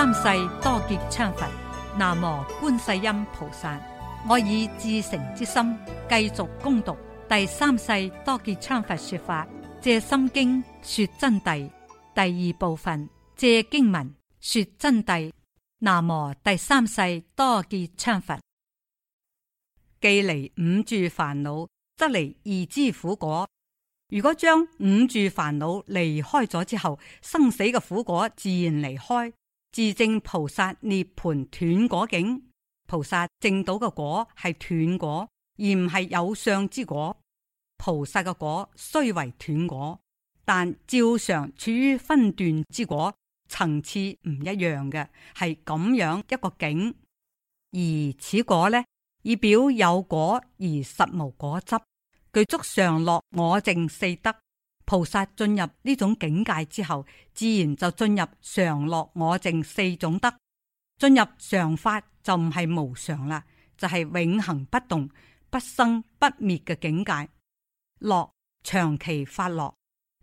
三世多杰羌佛，南無觀世音菩薩。我以至誠之心繼續恭讀第三世多杰羌佛說法，藉心經說真諦第二部分，藉經文說真諦。南無第三世多杰羌佛，既離五住煩惱，則離二之苦果。如果將五住煩惱離開咗之後，生死嘅苦果自然離開。自證菩薩涅盤斷果境，菩薩證到嘅果係斷果，而唔係有相之果。菩薩嘅果雖為斷果，但照常處於分段之果層次，唔一樣嘅係咁樣一個境。而此果呢，以表有果而實無果汁，具足常樂我淨四德。菩薩進入呢種境界之後，自然就進入常樂我淨四種德。進入常法就唔係無常啦，就係、是、永恒不動、不生不滅嘅境界。樂長期發樂，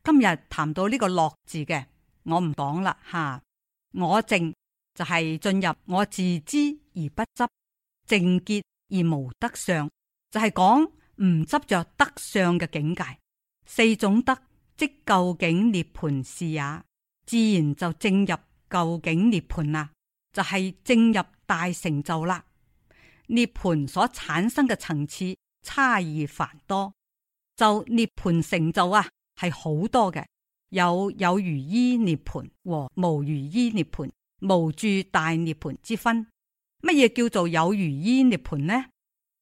今日談到呢個樂字嘅，我唔講啦吓。我淨就係、是、進入我自知而不執，淨潔而無得相，就係、是、講唔執着得相嘅境界。四種德。即究竟涅盤是也，自然就正入究竟涅盤啦、啊，就係、是、正入大成就啦。涅盤所產生嘅層次差異繁多，就涅盤成就啊，係好多嘅。有有餘依涅盤和無餘依涅盤、無住大涅盤之分。乜嘢叫做有餘依涅盤呢？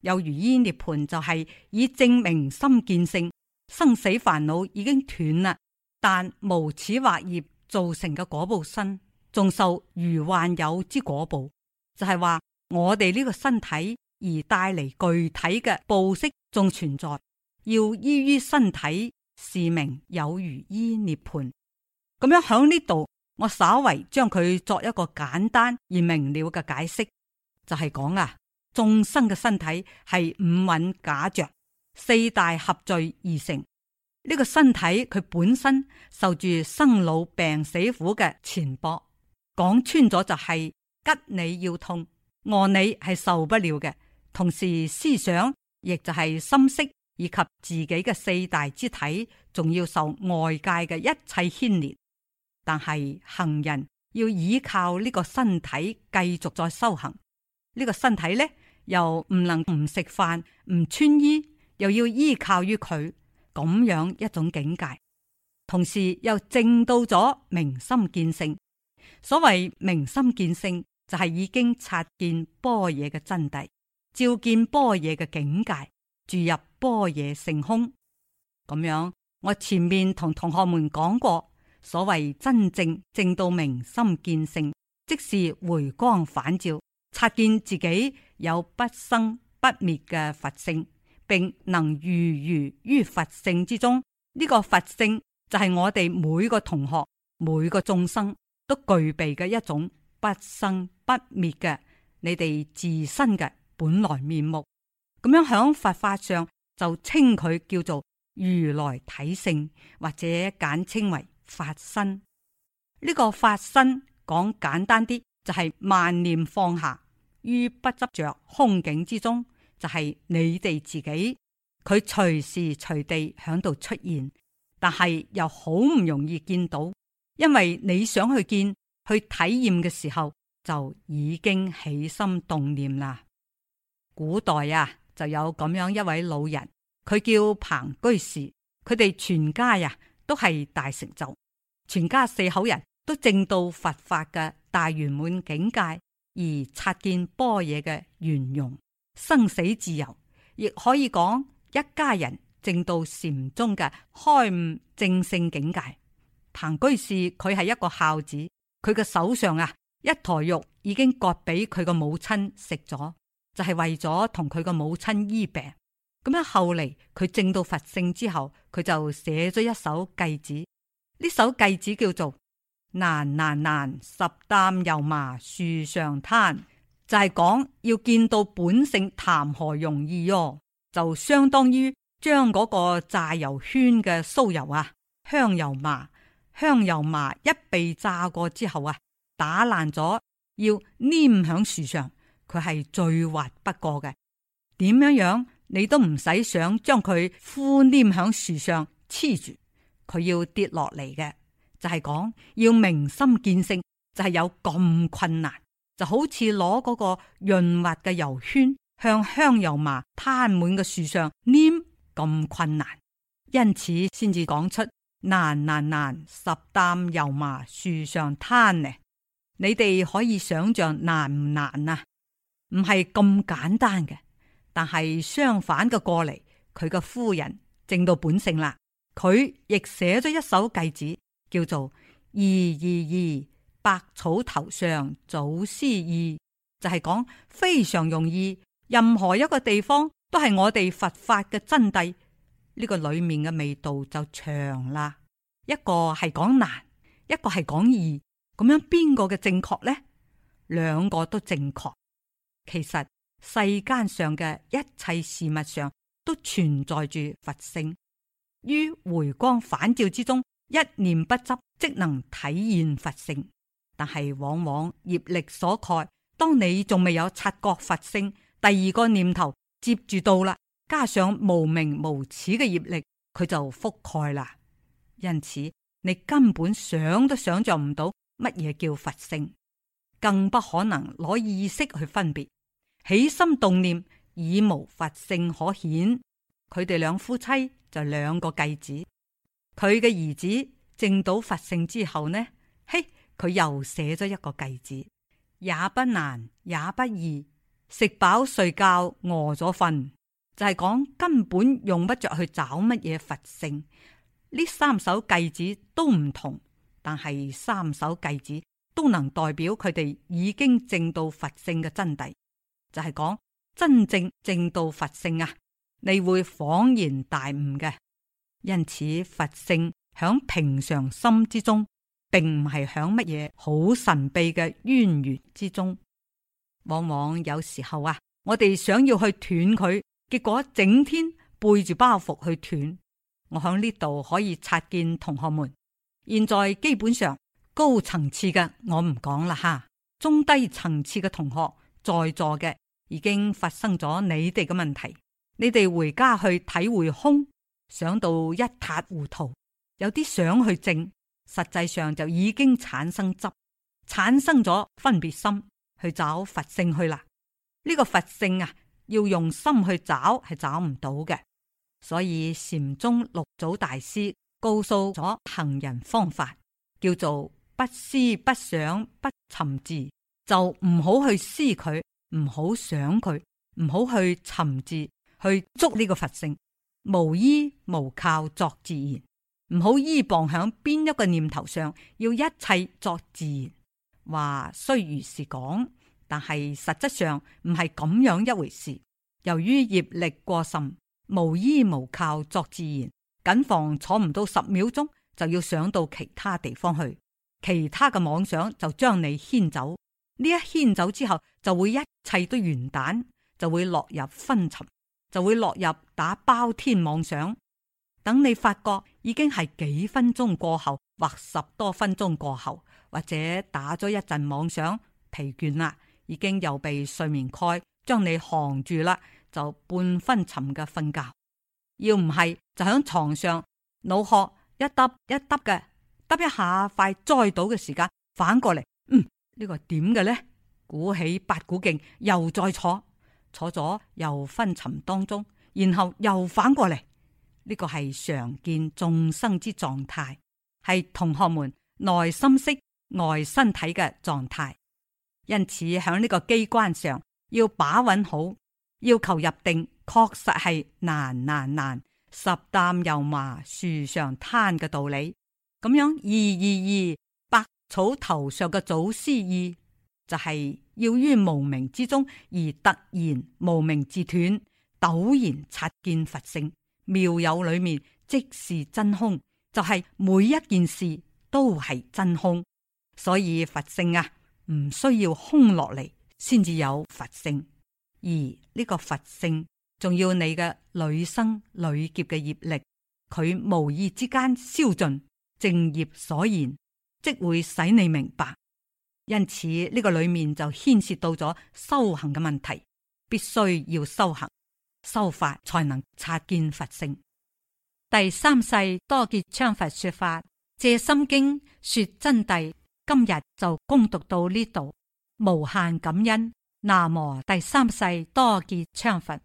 有餘依涅盤就係以證明心見性。生死煩惱已經斷啦，但無始惑業造成嘅果報身，仲受如幻有之果報，就係、是、話我哋呢個身體而帶嚟具體嘅報色仲存在，要依於身體，是名有餘依涅槃。咁樣喺呢度，我稍為將佢作一個簡單而明了嘅解釋，就係講啊，眾生嘅身體係五蘊假象。」四大合聚而成呢、這個身體，佢本身受住生老病死苦嘅纏縛，講穿咗就係、是、吉你要痛，餓你係受不了嘅。同時思想亦就係心識，以及自己嘅四大之體，仲要受外界嘅一切牽連。但係行人要依靠呢個身體繼續再修行，呢、這個身體呢，又唔能唔食飯，唔穿衣。又要依靠於佢咁樣一種境界，同時又正到咗明心見性。所謂明心見性，就係、是、已經察見般若嘅真諦，照見般若嘅境界，注入般若性空。咁樣，我前面同同學們講過，所謂真正正到明心見性，即是回光返照，察見自己有不生不滅嘅佛性。並能如如於佛性之中，呢、這個佛性就係我哋每個同學、每個眾生都具備嘅一種不生不滅嘅你哋自身嘅本來面目。咁樣響佛法上就稱佢叫做如來體性，或者簡稱為法身。呢、這個法身講簡單啲就係、是、萬念放下於不執着空境之中。就係你哋自己，佢隨時隨地喺度出現，但係又好唔容易見到，因為你想去見、去體驗嘅時候就已經起心動念啦。古代呀、啊，就有咁樣一位老人，佢叫彭居士，佢哋全家呀、啊、都係大成就，全家四口人都證到佛法嘅大圓滿境界，而察見般若嘅圓融。生死自由，亦可以講一家人證到禪宗嘅開悟正聖境界。彭居士佢係一個孝子，佢嘅手上啊一坨肉已經割俾佢個母親食咗，就係、是、為咗同佢個母親醫病。咁樣後嚟佢證到佛性之後，佢就寫咗一首偈子。呢首偈子叫做難難難，十擔油麻樹上攤。就係講要見到本性談何容易哦！就相當於將嗰個榨油圈嘅酥油啊、香油麻、香油麻一被炸過之後啊，打爛咗要黏響樹上，佢係最滑不過嘅。點樣樣你都唔使想將佢敷黏響樹上黐住，佢要跌落嚟嘅。就係講要明心見性，就係有咁困難。就好似攞嗰個潤滑嘅油圈向香油麻攤滿嘅樹上粘咁困難，因此先至講出難難難，十擔油麻樹上攤呢？你哋可以想象難唔難啊？唔係咁簡單嘅，但係相反嘅過嚟，佢嘅夫人正到本性啦，佢亦寫咗一首偈子，叫做易易易。百草頭上祖師意，就係、是、講非常容易，任何一個地方都係我哋佛法嘅真諦。呢、這個裏面嘅味道就長啦。一個係講難，一個係講易，咁樣邊個嘅正確呢？兩個都正確。其實世間上嘅一切事物上都存在住佛性，於回光返照之中，一念不執，即能體現佛性。但係，往往業力所蓋，當你仲未有察覺佛性，第二個念頭接住到啦，加上無明無恥嘅業力，佢就覆蓋啦。因此，你根本想都想象唔到乜嘢叫佛性，更不可能攞意識去分別。起心動念，以無佛性可顯。佢哋兩夫妻就兩個繼子，佢嘅兒子證到佛性之後呢？嘿。佢又寫咗一個偈子，也不難也不易，食飽睡覺餓咗瞓。就係、是、講根本用不着去找乜嘢佛性。呢三首偈子都唔同，但係三首偈子都能代表佢哋已經證到佛性嘅真諦。就係、是、講真正證到佛性啊，你會恍然大悟嘅。因此，佛性響平常心之中。並唔係響乜嘢好神秘嘅淵源之中，往往有時候啊，我哋想要去斷佢，結果整天背住包袱去斷。我響呢度可以察見同學們，現在基本上高層次嘅我唔講啦吓，中低層次嘅同學在座嘅，已經發生咗你哋嘅問題，你哋回家去體會空，想到一塌糊塗，有啲想去正。實際上就已經產生執，產生咗分別心，去找佛性去啦。呢個佛性啊，要用心去找，係找唔到嘅。所以禪宗六祖大師告訴咗行人方法，叫做不思不想不尋字，就唔好去思佢，唔好想佢，唔好去尋字去捉呢個佛性，無依無靠作自然。唔好依傍響邊一個念頭上，要一切作自然。話雖如是講，但係實質上唔係咁樣一回事。由於業力過甚，無依無靠作自然，謹防坐唔到十秒鐘就要想到其他地方去，其他嘅妄想就將你牽走。呢一牽走之後，就會一切都完蛋，就會落入昏沉，就會落入打包天妄想。等你發覺已經係幾分鐘過後，或十多分鐘過後，或者打咗一陣妄想，疲倦啦，已經又被睡眠蓋將你扛住啦，就半昏沉嘅瞓覺。要唔係就響床上腦殼一耷一耷嘅耷一下快，快栽倒嘅時間，反過嚟，嗯，呢個點嘅呢？鼓起八股勁，又再坐坐咗，又昏沉當中，然後又反過嚟。呢個係常見眾生之狀態，係同學們內心識、外身體嘅狀態。因此，響呢個機關上要把穩好，要求入定，確實係難難難。十擔又麻樹上攤嘅道理，咁樣二二二百草頭上嘅祖師意，就係、是、要於無明之中而突然無明自斷，陡然察見佛性。妙有裏面即是真空，就係、是、每一件事都係真空，所以佛性啊，唔需要空落嚟先至有佛性，而呢個佛性仲要你嘅累生累劫嘅業力，佢無意之間消盡正業所言，即會使你明白。因此呢個裏面就牽涉到咗修行嘅問題，必須要修行。修法才能察見佛性。第三世多杰羌佛說法《藉心經》說真諦，今日就攻讀到呢度，無限感恩。南無第三世多杰羌佛。